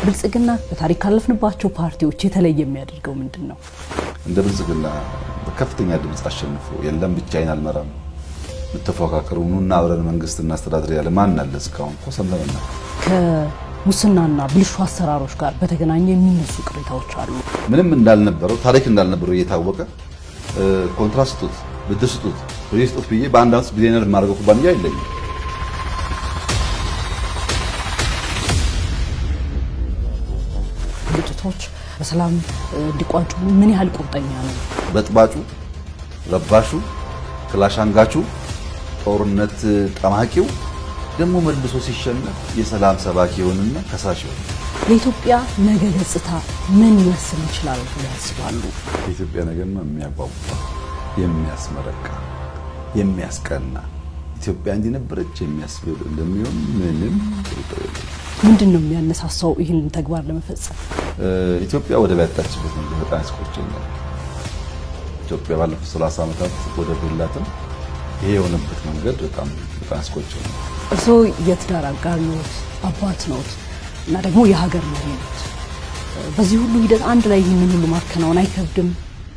ብልጽግና በታሪክ ካለፍንባቸው ፓርቲዎች የተለየ የሚያደርገው ምንድን ነው? እንደ ብልጽግና በከፍተኛ ድምፅ አሸንፎ የለም ብቻዬን አልመራም የምትፎካከሩ ኑና አብረን መንግስት እናስተዳድር ያለ ማን አለ? እስካሁን እኮ ሰምተንና ከሙስናና ብልሹ አሰራሮች ጋር በተገናኘ የሚነሱ ቅሬታዎች አሉ። ምንም እንዳልነበረው ታሪክ እንዳልነበረው እየታወቀ ኮንትራት ስጡት፣ ብድር ስጡት፣ ስጡት ብዬ በአንድ አመት ቢሊዮነር የማደርገው ኩባንያ የለኝም። ግጭቶች በሰላም እንዲቋጩ ምን ያህል ቁርጠኛ ነው? በጥባጩ፣ ለባሹ፣ ክላሽ አንጋቹ፣ ጦርነት ጠማቂው ደግሞ መልሶ ሲሸነፍ የሰላም ሰባኪ የሆንና ከሳሽ ይሆን የኢትዮጵያ ነገ ገጽታ ምን ይመስል ይችላል ያስባሉ? የኢትዮጵያ ነገማ የሚያጓጓ የሚያስመረቃ የሚያስቀና ኢትዮጵያ እንዲነበረች የሚያስብል እንደሚሆን ምንም ጥርጥር ምንድን ነው የሚያነሳሳው ይህንን ተግባር ለመፈጸም? ኢትዮጵያ ወደብ ያጣችበት ነገር በጣም ያስቆጨኛል። ኢትዮጵያ ባለፉት 30 ዓመታት ወደብ የላትም። ይሄ የሆነበት መንገድ በጣም በጣም ያስቆጨኛል። እርስዎ የትዳር አጋር ነዎት፣ አባት ነዎት እና ደግሞ የሀገር መሪ ነዎት። በዚህ ሁሉ ሂደት አንድ ላይ ይህንን ሁሉ ማከናወን አይከብድም?